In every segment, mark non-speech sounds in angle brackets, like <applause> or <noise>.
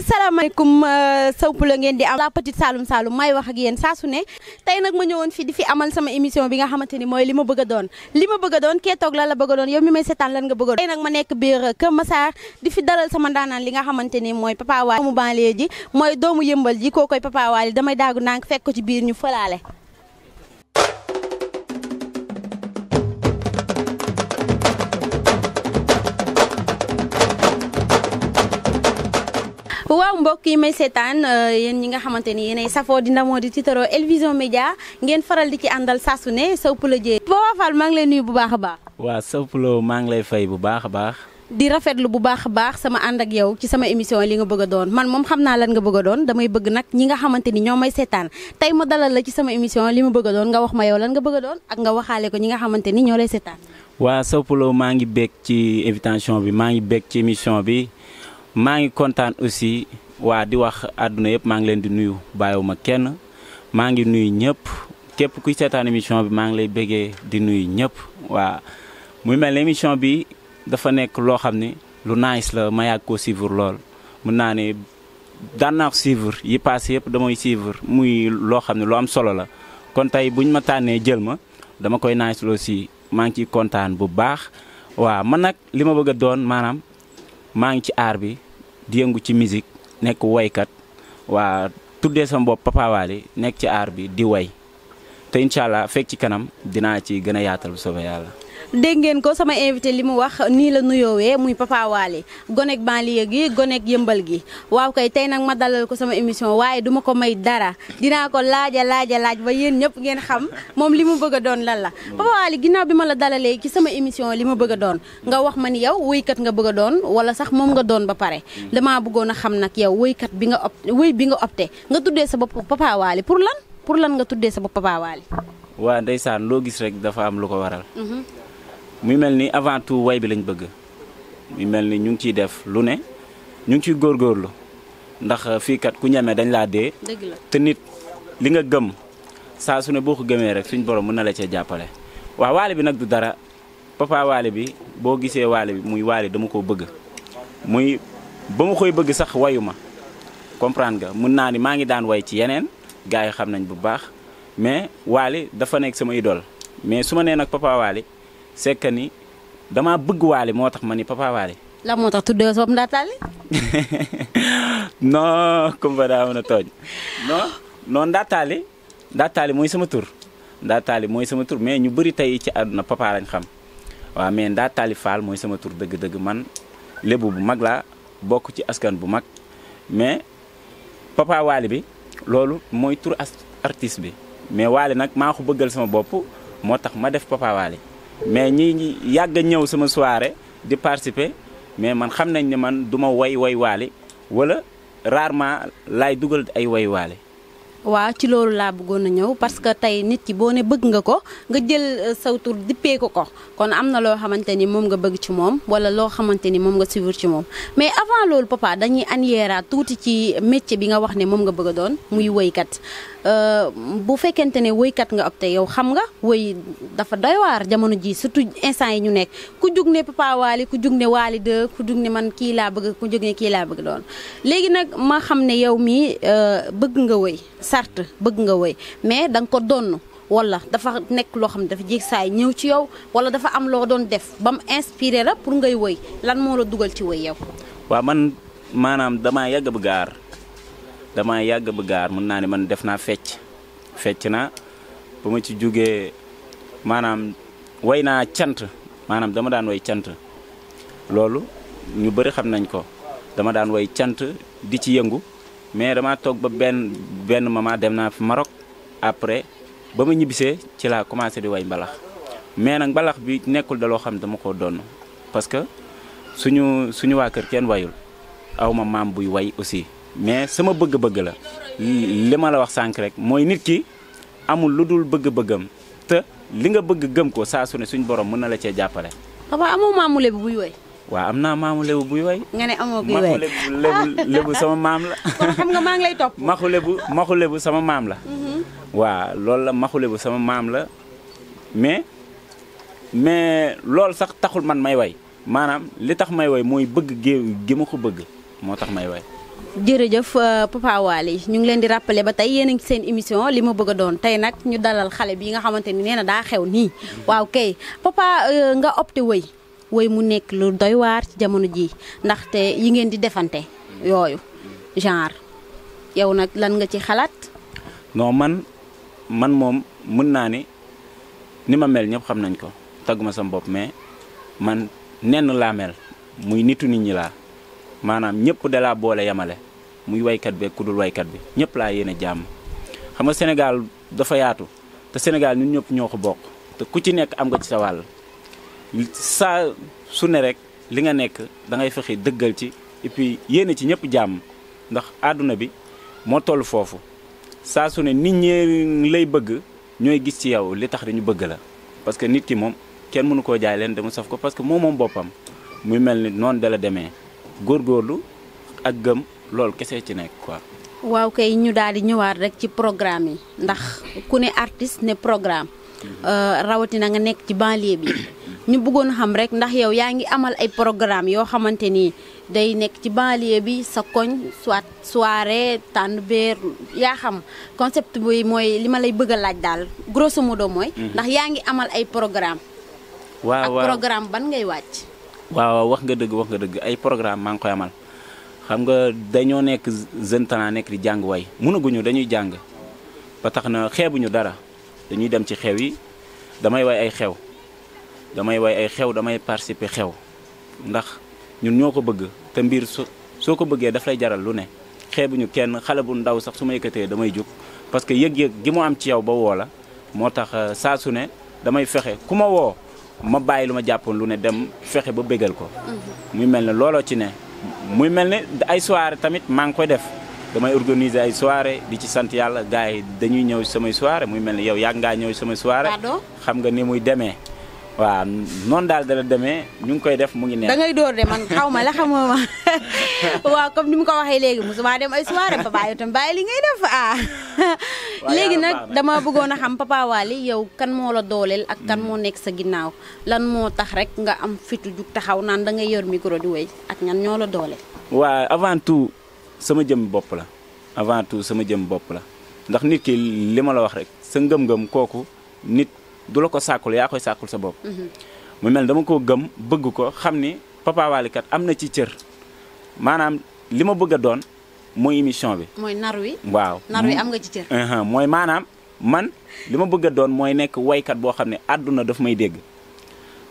asalaamaaleykum euh, Sow la ngeen di am la petite Saloum Saloum may wax ak yeen sa su ne tay nak ma ñëwoon fi di fi amal sama émission bi nga xamanteni moy lima bëgg doon lima bëgg doon kee toog la la bëgg doon yow mi may sétan lan nga bëgg a doon tey nag ma nekk biir Kër Massar di fi dalal sama ndaanaan li nga xamanteni moy Papa Wally mu banlé ji moy doomu yëmbal ji kokoy Papa Wally damay daagu ndànk fekk ko ci biir ñu fëlaale waaw mbokk yi may seetaan euh, yéen ñi nga xamante ni yéenay safoo di ndamoo di tiitaroo Elvision Média ngeen faral di ci àndal saa su ne Sow Poulo Dieng. Baba Fall maa ngi lay nuyu bu baax a baax. waa Sow Poulo maa ngi lay fay bu baax a baax. di rafetlu bu baax a baax sama ànd ak yow ci sama émission li nga bëgg a doon man moom xam naa lan nga bëgg doon damay bëgg nag ñi nga xamante ni ñoo may seetaan tey ma dalal la ci sama émission li ma bëgg doon nga wax ma yow lan nga bëgg a ak nga waxaale ko ñi nga xamante ni ñoo lay seetaan. waa Sow Poulo maa ngi bég ci invitation bi maa ngi bég ci émission bi maa ngi kontaan aussi waa di wax àdduna yëpp maa ngi leen di nuyu ma kenn maa ngi nuyu ñëpp képp kuy seetaan émission bi maa ngi lay bëggee di nuyu ñëpp waa muy mel ni émission bi dafa nekk loo xam ne lu nice la ma yàgg koo suivre lool mun naa ne daan naa ko yi passé yëpp damay suivre muy loo xam ne lu am solo la kon tey buñ ma tànnee jël ma dama koy nice la aussi maa ngi ciy kontaan bu baax waa man nag li ma bëgg a doon maanaam maa ngi ci aar bi di yëngu ci musique nekk woykat waa tuddee sama bopp Papa nekk ci aar bi di woy te incha allah fekk ci kanam dinaa ci gën a yaatal bu soobee yàlla. dégg ngeen ko sama invité li mu wax nii la nuyoowee muy Papa Wally gonek gi gonek yëmbal gi waaw kay tey nag ma dalal ko sama émission waaye duma ko may dara dinaa ko laaja laaja laaj ba yéen ñëpp ngeen xam moom li mu bëgg a doon lan la Papa Wally ginnaaw bi ma la dalalee ci sama émission li ma bëgg a doon nga wax ma ni yow wéykat nga bëgg a doon wala sax moom nga doon ba pare damaa bëggoon a xam nag yow wéykat bi nga opté wéy bi nga opté nga tuddee sa bopp Papa pour lan pour lan tuddee sa bopp Papa Wally ndeysaan loo gis rek dafa am lu ko waral mhm. muy mel ni avant tout way bi lañ bëgg muy mel ni ñu ngi ciy def lu ne ñu ngi ciy góorgóorlu ndax euh, fii kat ku ñeme dañ laa dee. te nit li nga gëm saa su ne boo ko gëmee rek suñ borom mën na la cee jàppale. waaw waale bi nag du dara papa waale bi boo gisee waale bi muy waale dama koo bëgg muy ba ma koy bëgg sax wayu ma comprendre ga mun naa ni maa ngi daan way ci yeneen gars yi xam nañ bu baax mais waale dafa nekk sama idole mais su ma nee nag papa waale. c'est que ni damaa bëgg waale moo tax ma ni papa waale. moo tax tuddee soobu ndaataale. <laughs> non Kumba daa mën a tooñ. non non ndaataale mooy sama tur ndaataale mooy sama tur mais ñu bëri tey ci àdduna papa lañ xam waaw mais ndaataale Fall mooy sama tur dëgg-dëgg man lébu bu mag laa bokk ci askan bu mag mais papa bi loolu mooy tur artiste bi mais waale nag maa ko bëggal sama bopp moo tax ma def papa mais ñi yàgg a ñëw sama soirée di participer mais man xam nañ ne man duma woy woy way waale wala rarement laay dugal ay way waale waaw ci loolu laa bëggoon na ñëw parce que tey nit ki boo ne bëgg nga ko nga jël euh, saw tur dippee ko ko kon am na loo xamante ni moom nga bëgg ci moom wala loo xamante ni moom nga suivre ci moom mais avant loolu papa dañuy aniyeeraat tuuti ci métier bi nga wax ne moom nga bëgg doon muy woykat euh, bu fekkente ne woykat nga opté yow xam nga woy dafa doy waar jamono ji surtout instant yi ñu nekk ku jug ne papa waali ku jug ne waali de ku jug ne man kii laa bëgg ku jug kii laa bëgg doon léegi nag ma xam ne yow mii euh, bëgg nga woy sart bëgg nga woy mais da nga ko donn wala dafa nekk loo xam ne dafa jéeg saay ñëw ci yow wala dafa am loo doon def ba mu inspiré la pour ngay woy lan moo la dugal ci woy yow. waaw man maanaam damaa yàgg bu gaar damaa yàgg bu gaar mun naa ne man def naa fecc fecc naa ba ma ci jógee maanaam woy naa cant maanaam dama daan woy cant loolu ñu bëri xam nañ ko dama daan woy cant di ci yëngu. mais dama toog ba benn benn moment dem naa fi Maroc après ba ma ñibbisee ci laa commencé di way mbalax mais nag mbalax bi nekkul da loo xam dama ko donn parce que suñu suñu waa kër kenn wayul aw ma maam buy way aussi mais sama bëgg-bëgg la li ma la wax sànq rek mooy nit ki amul lu dul bëgg bëggëm te li nga bëgg gëm ko saa su ne suñu borom mën na la cee jàppale. papa amoo maamu lebu buy way. waaw am naa maamu lebu buy way. nga ne amoo buy sama maam la. <laughs> kon xam nga maa ngi lay topp. maxu lebu maxu lebu sama maam la. Mm-hmm. waa loolu la maxule bu sama maam la mais mais loolu sax taxul man may way maanaam li tax may way mooy bëgg géew gi ma ko bëgg moo tax may way. jërëjëf euh, Papa Waly ñu ngi leen di rappeler ba tey yéen a ngi seen émission li ma bëgg a doon tey nag ñu dalal xale bi nga xamante ni nee na daa xew nii. Mm-hmm. waaw kay papa euh, nga opté wëy woy mu nekk lu doy waar ci jamono jii te yi ngeen di defante yooyu genre yow nag lan nga ci xalaat. non man man moom mën naa ni ni ma mel ñëpp xam nañ ko tagguma sama bopp mais man nenn laa mel muy nitu nit ñi laa maanaam ñëpp laa boole yemale muy waykat bi ak ku dul waykat bi ñëpp laa yéene jàmm xam nga Sénégal dafa yaatu te Sénégal ñun ñëpp ñoo ko bokk te ku ci nekk am nga ci sa wàll. saa su ne rek li nga nekk da ngay fexe dëggal ci et puis yéene ci ñëpp jàmm ndax àdduna bi moo toll foofu saa su ne nit ñi lay bëgg ñooy gis ci yow li tax ñu bëgg la parce que nit ki moom kenn mënu koo jaay leen dama saf ko parce que moom moom boppam mu mel ni noonu dala demee góor góorlu ak gëm loolu kese ci nekk quoi. waaw kay ñu daal di ñëwaat rek ci programme yi ndax ku ne artiste ne programme mhm. euh, rawatina nga nekk ci banlieue bi. ñu bëggoon xam rek ndax yow yaa ngi amal ay programme yoo xamante ni day nekk ci banlieue bi sa koñ soit soirée tànn beer yaa xam concept bi mooy li ma lay bëgg a laaj daal grosso modo mooy. Mhm. ndax yaa ngi amal ay programme waaw ak programme ban ngay wàcc. waaw wax nga dëgg wax nga dëgg ay programme maa ngi koy amal xam nga dañoo nekk jeune talent nekk di jàng way mënaguñu dañuy jàng ba tax na xeebuñu dara dañuy dem ci xew yi damay way ay xew. damay way ay xew damay participer xew ndax ñun ñoo ko bëgg te mbir su soo ko bëggee dafay jaral lu ne xeebuñu kenn xale bu ndaw sax su ma yëkkatee damay jóg parce que yëg-yëg gi mu am ci yow ba woo la moo tax euh, saa su ne damay fexe ku ma woo ma bàyyi lu ma jàppoon lu ne dem fexe ba bëggal ko mm-hmm. muy mel ne looloo ci ne muy mel ne ay soirée tamit maa ngi koy def damay organiser ay soirée di ci sant yàlla gars yi dañuy ñëw samay soirée muy mel ni yow yàgg ngaa ñëw samay soirée xam nga ni muy demee waaw noonu daal dala demee ñu ngi koy def mu ngi neex. da ngay door de man xaw ma la xamuma <laughs> waaw comme ni mu ko waxee léegi musuma dem ay soirée papa yow tam li ngay def ah. <laughs> léegi nag dama bëggoon a xam papa Wally yow kan moo la dooleel ak kan mm. moo nekk sa ginnaaw lan moo tax rek nga am fitu jug taxaw naan da ngay yor micro di wéy ak ñan ñoo la dooleel. waa avant tout sama jëm bopp la avant tout sama jëm bopp la ndax nit ki li ma la wax rek sa ngëm-ngëm kooku nit. du la ko sàkkul yaa koy sàkkul sa bopp. Mhm. mu mel dama ko gëm bëgg ko xam ni Papa am na ci cër maanaam li ma bëgg a doon mooy émission bi. wi. waaw nar wi am nga ci cër. Uh-huh. mooy maanaam man li ma bëgg a doon mooy nekk woykat boo xam ne àdduna daf may dégg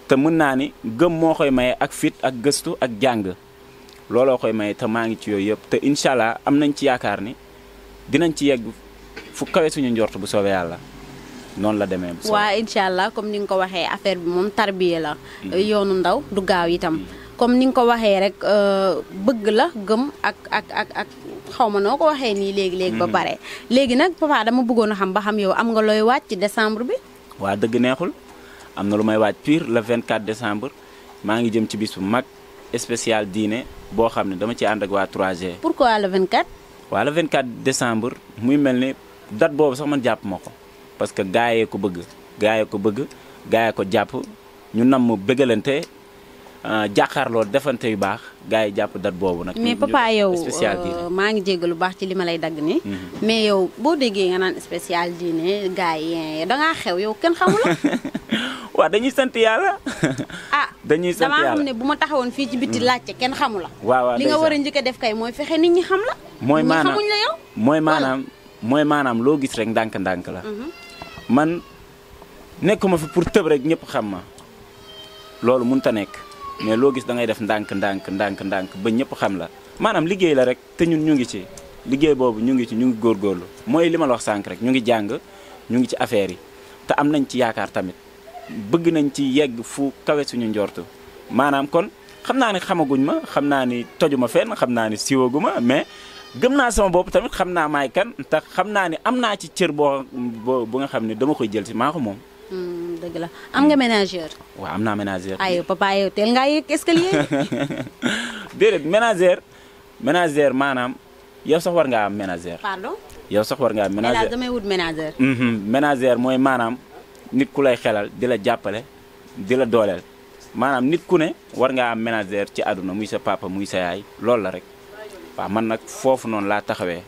te mën naa ni gëm moo koy maye ak fit ak gëstu ak jàng looloo koy maye te maa ngi ci yooyu yëpp te incha allah am nañ ci yaakaar ni dinañ ci yegg fu kawe suñu njort bu soobee yàlla. non la demee. waa incha allah comme ni nga ko waxee affaire bi moom tarbiya la. yoonu ndaw du gaaw itam. comme ni nga ko waxee rek euh, bëgg la gëm ak ak ak ak xaw ma noo ko waxee nii léegi léegi. ba mm-hmm. pare léegi nag papa dama bëggoon a xam ba xam yow am nga looy wàcc décembre bi. waa dëgg neexul am na lu may wàcc pire le 24 décembre maa ngi jëm ci bis bu mag spécial diine boo xam ne dama ci ànd ak waa 3G. pourquoi le 24. waa le 24 décembre muy mel ni date boobu sax man jàpp ma ko. parce que gaa yee ko bëgg gaa yee ko bëgg gaa ko jàpp ñu namm bëggalante euh, jàkkaarloo defante yu baax gaa yi jàpp dat boobu nag. mais papa yow euh, maa ngi jégg lu baax ci li ma lay dagg nii. Mhm. mais yow boo déggee nga naan spécial diine gaa yi da xew yow kenn xamul la. <laughs> waaw dañuy sant yàlla. <laughs> ah <laughs> dañuy sant yàlla ne bu ma taxawoon fii ci bitti mhm. laajte kenn xamu la. waaw li nga war a njëkk def kay mooy fexe nit ñi xam la. mooy maanaam mooy maanaam mooy maanaam loo gis rek ndànk-ndànk la. Mhm. man nekkuma fi pour tëb rek ñëpp xam ma loolu mënut a nekk mais loo gis da ngay def ndànk ndànk ndànk ndànk ba ñëpp xam la maanaam liggéey la rek te ñun ñu ngi ci liggéey boobu ñu ngi ci ñu ngi góorlu mooy li ma la wax sànq rek ñu ngi jàng ñu ngi ci affaire yi te am nañ ci yaakaar tamit bëgg nañ ci yegg fu kawe suñu njortu maanaam kon xam naa ni xamaguñ ma xam naa ni toju ma fenn xam naa ni siwaguma mais gëm naa sama bopp tamit xam naa may kan te xam naa ne am naa ci cër boo bu nga xam ne dama koy jël ci maa moom. Hmm, dëgg la am nga ménageur. waaw am naa ménageur. aywa papa teel ngaa yëg escalier. <laughs> déedéet ménageur ménageur maanaam yow sax war nga am ménageur. pardon yow sax war ngaa am ménageur mais damay wut mm-hmm. mooy maanaam nit ku lay xelal di la jàppale di la dooleel maanaam nit ku ne war nga am ménageur ci àdduna muy sa papa muy sa yaay loolu la rek. waaw man nag foofu noonu laa taxawee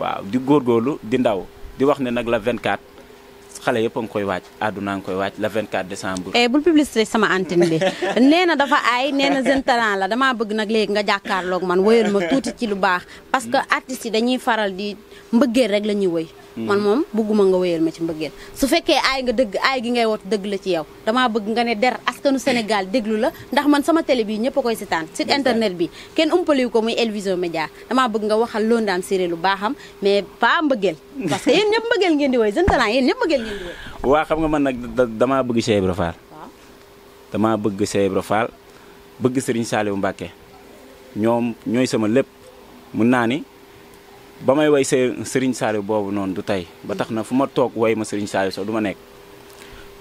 waaw di góor góorlu di ndaw di wax ne nag la 24 xale yëpp a ngi koy waaj àdduna a ngi koy waaj le 24 décembre. Eh, bul publicité sama antenne bi <laughs> nee dafa aay nee na jeune talent la damaa bëgg nag léegi nga jàkkaarloog man woyal ma tuuti ci lu baax parce que mm. artistes yi dañuy faral di mbëggeel rek la ñuy woy. Mm. man moom bëgguma nga wéyal ma ci mbëggeel su fekkee aay nga dëgg aay gi ngay wot dëgg la ci yow damaa bëgg nga ne der askanu Sénégal déglu la ndax man sama télé bi ñëpp a koy seetaan site internet bi kenn umpaliwu ko muy Elvision Média damaa bëgg nga waxal loo daan séeréer lu baaxam mais pas mbëggeel <laughs> parce que yéen ñëpp waa xam nga man nag damaa bëgg Cheikh Ibra Fall damaa bëgg Cheikh Ibra Fall bëgg Serigne Saliou Mbacké ñoom ñooy sama lépp mun naa ni ba may woy way Serigne Saliou boobu noonu du tey ba tax na fu ma toog woy ma Serigne Saliou sax duma nekk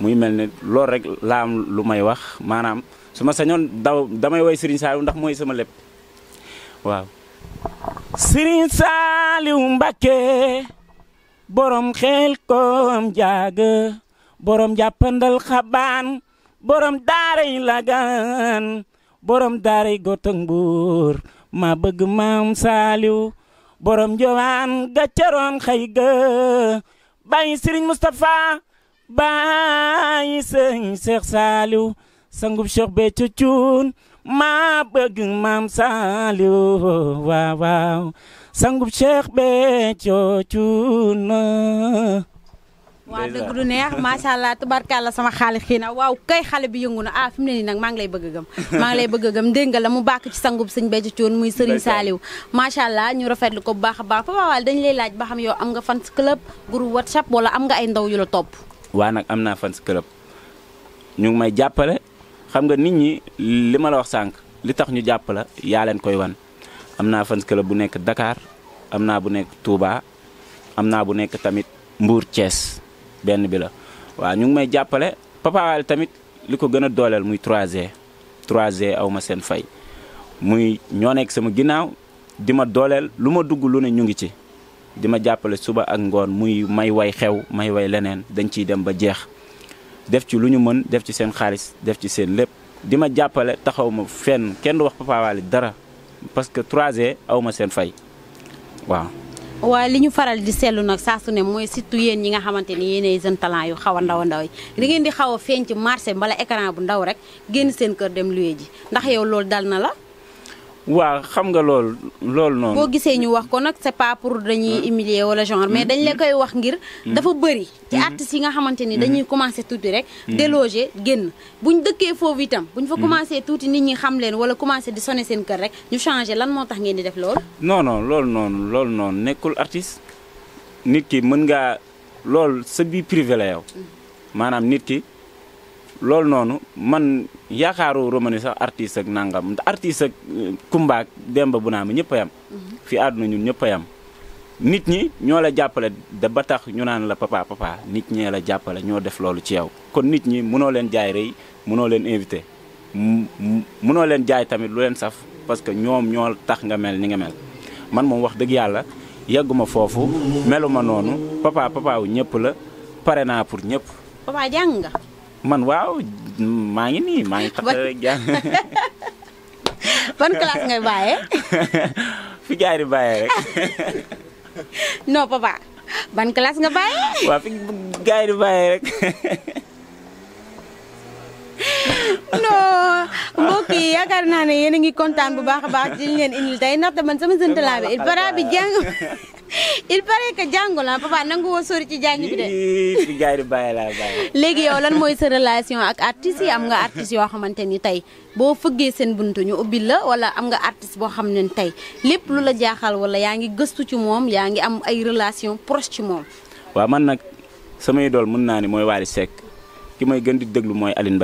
muy mel ne loolu rek laa am lu may wax maanaam su ma sañoon daw damay woy Serigne Saliou ndax mooy sama lépp waaw Serigne Saliou Mbacké borom xel koom jaaga borom jàppandal xabaan borom daaray lagaan borom daaray gotang buur ma bëgg maam saaliw borom jowaan gàccaroon xëy ga bàyyi sëriñ Mustapha bàyyi sëñ Cheikh saaliw sangub Cheikh Béthio Thioune ma bëgg maam saaliw waaw Sanggup cheikh be cuuna Waduh guru du neex ya, macha allah sama xaali xiina waaw kay xale bi yunguna ah fi mu ne nii lay bëgg gam mang lay bëgg gam deeng la mu bak ci sangub muy Serigne allah ñu rafetlu ko bax baax fa baax dañ lay laaj ba xam yo am nga fans club guru whatsapp wala am nga ay ndaw yu la top wa nak amna fans club ñu ngi may jàppale xam nga nit ñi lima la wax sank li tax ñu la koy wan am naa fans club bu nekk dakaar am naa bu nekk Touba am naa bu nekk tamit Mbour Thiès benn bi la waaw ñu ngi may jàppale Papa tamit li ko gën a dooleel muy 3G 3G aw ma seen fay muy ñoo nekk sama ginnaaw di ma dooleel lu ma dugg lu ne ñu ngi ci di ma jàppale suba ak ngoon muy may way xew may way leneen dañ ciy dem ba jeex def ci lu ñu mën def ci seen xaalis def ci seen lépp di ma jàppale taxaw ma fenn kenn du wax Papa dara parce que 3G aw ma seen fay waaw. waaye li ñu faral di seetlu nag saa su ne mooy surtout yéen ñi nga xamante ni yéenay jeune talent yu xaw a ndaw ndaw yi da ngeen di xaw a feeñ ci marché mbala écran bu ndaw rek génn seen kër dem luye ji ndax yow loolu dal na la. waaw xam nga lool loolu noonu. boo gisee ñu wax ko nag c'est pas pour dañuy hmm. humilier wala genre mais hmm. dañ la koy wax ngir. Hmm. dafa bëri ci artistes yi nga xamante ni dañuy commencé tuuti rek. déloger génn buñ dëkkee foofu itam bu ñu fa commencé tuuti nit ñi xam leen wala commencé di sonné seen kër rek ñu changé lan moo tax ngeen di def loolu. non non loolu noonu loolu noonu nekkul artiste nit ki mën ngaa loolu sa biir privé la yow maanaam nit ki. loolu noonu man yaakaaru romani sax artiste ak nangam artiste ak euh, kumbaak demba bu naa ma ñëpp a yam mhm. fi àdduna ñun ñëpp a yam nit ñi ñoo la jàppale da ba tax ñu naan la papa papa nit ñee la jàppale ñoo def loolu ci yow kon nit ñi mënoo leen jaay rey mënoo leen invité mënoo leen jaay tamit lu leen saf parce que ñoom ñoo tax nga mel ni nga mel man moom wax dëgg yàlla yegguma foofu meluma noonu papa papa wu la pare naa pour ñëpp. papa jàng nga. man waaw maa ngi nii maa ngi tax jàng <laughs> ban classe ngay bàyyee. <laughs> fi gars yi rek. <laughs> non papa ban classe nga bàyyee. waaw fi gars yi rek. non mbokk yi yaakaar naa ne yéen a ngi kontaan bu baax a baax di leen indil tey ndaxte man sama sënt laa bi il paraît bi jàng <laughs> il paraît que jàngu la papa nangu woo ci jàng bi léegi yow lan mooy sa relation ak artistes yi am nga artistes yoo xamante ni tey boo fëggee seen buntu ñu ubbil la wala am nga artiste boo xam ne tey lépp lu la jaaxal wala yaa ngi gëstu ci moom yaa ngi am ay relation proche ci moom. waaw man nag samay dool mën naa ne mooy Wally Seck ki may gën di déglu mooy Aline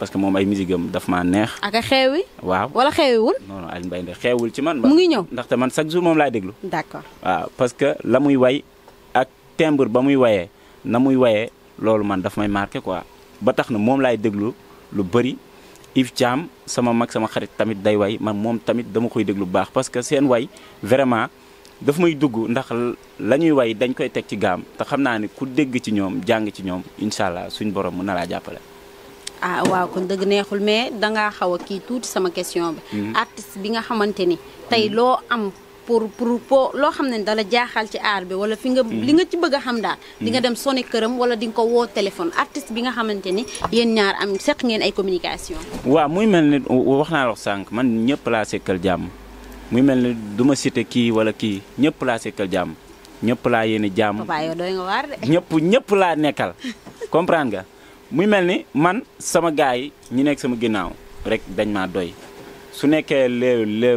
parce que moom ay musique am daf maa neex. ak a xeewi. waaw wala xeewiwul. non non Alioune Mbaye Nder xeewul ci man. mu ngi ñëw ndaxte man chaque jour moom laay déglu. d'accord waaw parce que la muy way ak timbre ba muy wayee na muy wayee loolu man dafa may marqué quoi ba tax na moom laay déglu lu bëri. Yves Thiam sama mag sama xarit tamit day way man moom tamit dama koy déglu bu baax parce que seen way vraiment dafa may dugg ndax la ñuy way dañ koy teg ci gaam te xam naa ne ku dégg ci ñoom jàng ci ñoom incha allah suñ borom mën na laa jàppale. ah waaw kon deug neexul mais da nga xawa ki tout sama question bi mhm. artiste bi nga xamanteni tay mhm. lo am pour pour pour loo xam ne dala jaaxal ci art bi wala fi nga mhm. li nga ci bëgg xam daal di nga dem kërëm wala di nga wo téléphone artiste bi nga xamanteni yeen ñaar am seq ngeen ay communication waaw muy melni wax na la sank man ñepp placé sekkal jàmm muy melni duma cité ki wala ki ñepp placé sekkal jàmm ñepp la yene jàmm ñepp ñepp la nekkal <laughs> comprendre nga muy mel ni man sama gars yi ñi nekk sama ginnaaw rek dañ maa doy su nekkee le le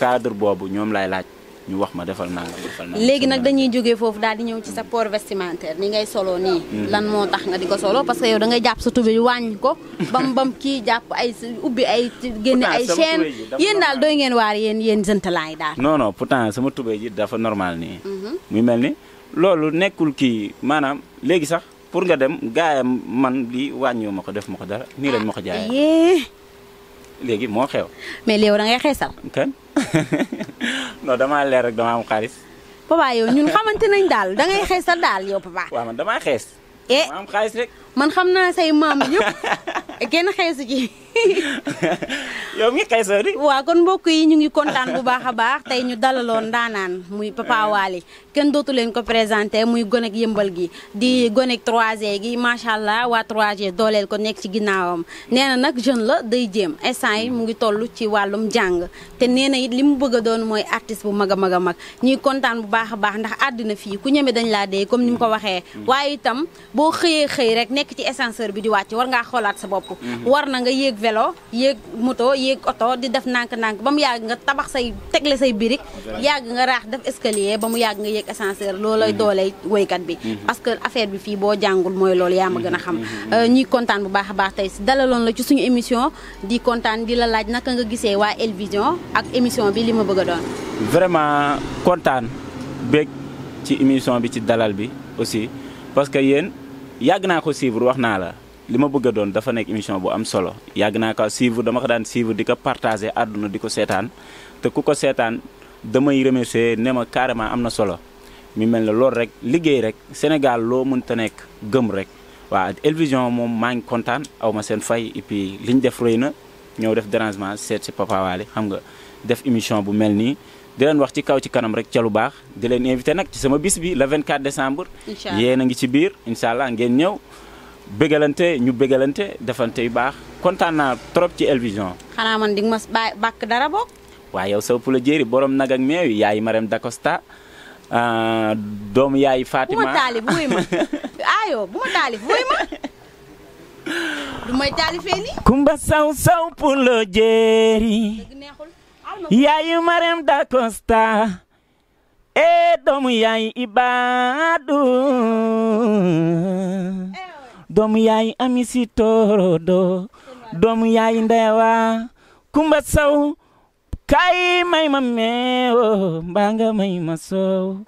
cadre boobu ñoom lay laaj ñu wax ma defal naa nga léegi nag dañuy jógee foofu daal di ñëw ci sa port vestimentaire ni ngay soloo nii mm. lan moo tax nga di ko soloo parce que yow da ngay jàpp sa tubé yu wàññi ko <laughs> bam bam kiy jàpp ay ubbi ay génne ay chaîne yéen daal doy ngeen waar yéen yéen yi daal non non pourtant sama tubé yi dafa normal nii mm-hmm. muy mel ni loolu nekkul kii maanaam léegi sax pour nga dem gaayam man lii wàññiwoo ma ko def ma ko dara nii lañ ma ko jaayee. Ah, léegi moo xew. mais léew da ngay xeesal. <laughs> damaa leer rek dama am xaalis. papa yoo ñun xamante nañ daal da ngay xeesal daal yow papa. waaw damaa xees. eh xaalis rek. man xam naa say maam yëpp <laughs> kenn xeesu ci <laughs> yow mi xeesoo di waaw kon mbokk yi ñu ngi kontaan bu baax a baax tey ñu dalaloon ndaanaan muy Papa eh. Wally kenn dootu leen ko présenté muy gonek yëmbal gi di mm. gone 3G e gi macha allah waa 3 e dooleel ko nekk ci ginnaawam nee na nag jeune la day jéem instant yi mu ngi toll ci wàllum jàng te nee na it li mu bëgg a doon mooy artiste bu mag a mag a mag ñuy kontaan bu baax a baax ndax àddina fii ku ñeme dañ laa dee comme ni mu ko waxee mm. waaye itam nek ci ascenseur bi di wacc war Warna xoolaat sa bop mhm. war na nga yegg vélo yegg moto yegg auto di def nank nank bam yag nga tabax say tegle say birik. yag nga rax def escalier bam yag yàgg nga yéeg ascenseur loolay way mhm. kat bi mhm. parce que affaire bi fi bo jangul moy lol ya ma gëna xam euh, ñi contane bu baax baax tay dalalon la ci suñu émission di contane di la laaj nak nga gisé wa Elvision ak émission bi lima bëgg doon vraiment contane bek ci émission bi ci dalal bi aussi parce que yene yàgg naa ko suivre wax naa la li ma bëgg a doon dafa nekk émission bu am solo yàgg naa ko suivre dama ko daan suivre di ko partager àdduna di ko seetaan te ku ko seetaan damay remercier ne ma carrément am na solo mu mel ne loolu rek liggéey rek Sénégal loo mënta nekk gëm rek waaw Elvision moom maa ngi kontaan aw ma seen fay et puis li ñu def rëy na ñëw def dérangement seet si Papa xam nga def émission bu mel nii di leen wax ci kaw ci kanam rek ca lu baax di leen invité nag ci sama bis bi la 24 décembre. incha allah yéen a ngi ci biir incha allah ngeen ñëw. bégalante ñu bégalante defante yu baax kontaan trop ci El Vision. xanaa man di ma bàkk dara boog. waaye yow Sow Poulo Diéry boroom nag ak meew yi yaay Marème Dacosta euh, doomu yaay Fatima bu ma taalif wuy ma <laughs> ayoo bu ma taalif wuy ma <laughs> du may taalifee nii. Kumba Sow Sow Poulo Diéry. Yaay Marème da Costa e eh, doomu yaay Ibadu doomu yaay Amisi Torodo doomu yaay Ndewa Kumba Sow kay may ma meewo mbaa nga may ma soow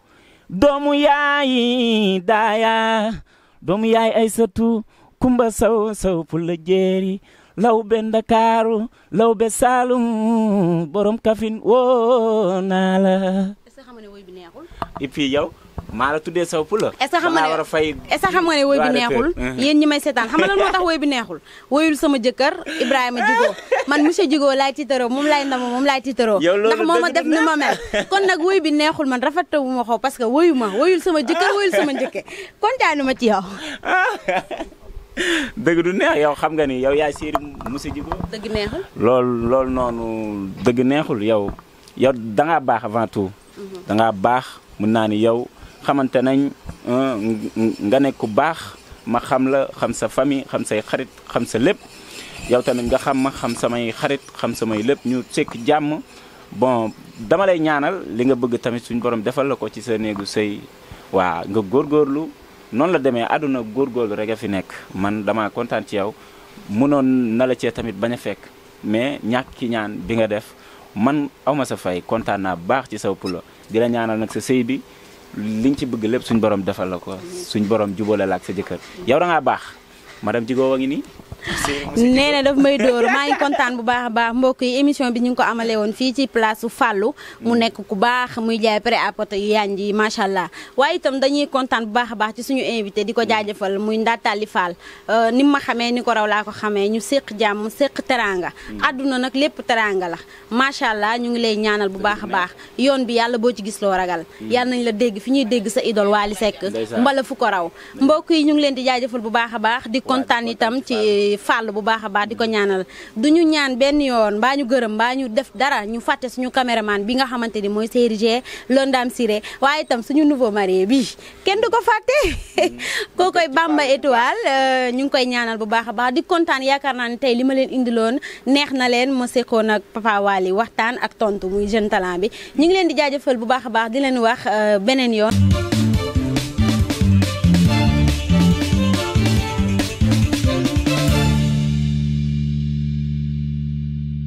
doomu yaay Daaya doomu yaay Aysatu Kumba Sow Sow pour la lawbe ndakaaru lawbe saalum borom kafin woo naa la. est-ce que xam nga ne woy bi neexul. et puis yow maa la tuddee saw pula. est-ce que fay. est-ce que xam nga yéen ñi may seetaan xam nga lan moo tax woy bi neexul. woyul sama jëkkër a Djigo man monsieur Djigo laay tiitaroo moom laay ndam moom laay tiitaroo. yow ndax moo ma def ni ma mel. kon nag woy bi neexul man rafetlu wu ma ko parce que woyu ma woyul sama jëkkër woyul sama njëkke kontaanu ma ci <laughs> <laughs> dëgg du neex yow xam nga ni yow yaay séeri Moussa Djigo dëgg neexul loolu loolu noonu dëgg neexul yow yow da ngaa baax avant tout mhm. da baax mun naa ni yow xamante nañ nga nekk ku baax ma xam la xam sa famille xam say xarit xam sa lépp yow tamit nga xam ma xam samay xarit xam samay lépp ñu sekk jàmm bon dama lay ñaanal li nga bëgg tamit suñ borom defal la ko ci sa néegu sëy waa nga góorgóorlu noonu la demee àdduna góorgóorlu rek a fi nekk man dama kontaan ci yow mënoon na la cee tamit bañ a fekk mais ñàkk ki ñaan bi nga def man awma sa fay kontaan naa baax ci saw pulo di la ñaanal nag sa sëy bi liñ ci bëgg lépp suñ borom defal la ko suñu borom jubóole la ak sa jëkkër yow da baax madame Djigo wa ngi nii. may dóor maa ngi kontaan bu baax a baax mbokk yi émission bi ñu ngi ko amalee woon fii ci place su Fallou mu nekk ku baax muy jaay prêt à porter yu yaañ ji macha allah waaye itam dañuy kontaan bu baax a baax ci suñu invité di ko jaajëfal muy Ndatali Fall euh, ni ma xamee ni ko raw laa ko xamee ñu séq jàmm séq teraanga. Mm. àdduna nag lépp teraanga la macha allah ñu ngi lay ñaanal bu baax a baax yoon bi yàlla boo ci gis loo ragal. Mm. yàlla nañ la dégg fi ñuy dégg sa idole Wally Seck mbala kontaan itam ci fàll bu baax a baax di ko ñaanal du ñu ñaan benn yoon mbaa ñu gërëm mbaa ñu def dara ñu fàtte suñu caméraman bi nga xamante ni mooy Seydi G Londaam Siré waaye itam suñu nouveau marié bi kenn du ko fàtte <laughs> koo koy Bamba Étoile euh, ñu ngi koy ñaanal bu baax a baax di kontaan yaakaar naa ne tey li ma leen indiloon neex na leen ma sekkoon ak Papa Wally waxtaan ak tontu muy jeune talent bi ñu ngi leen di jaajëfal bu baax a baax di leen wax euh, beneen yoon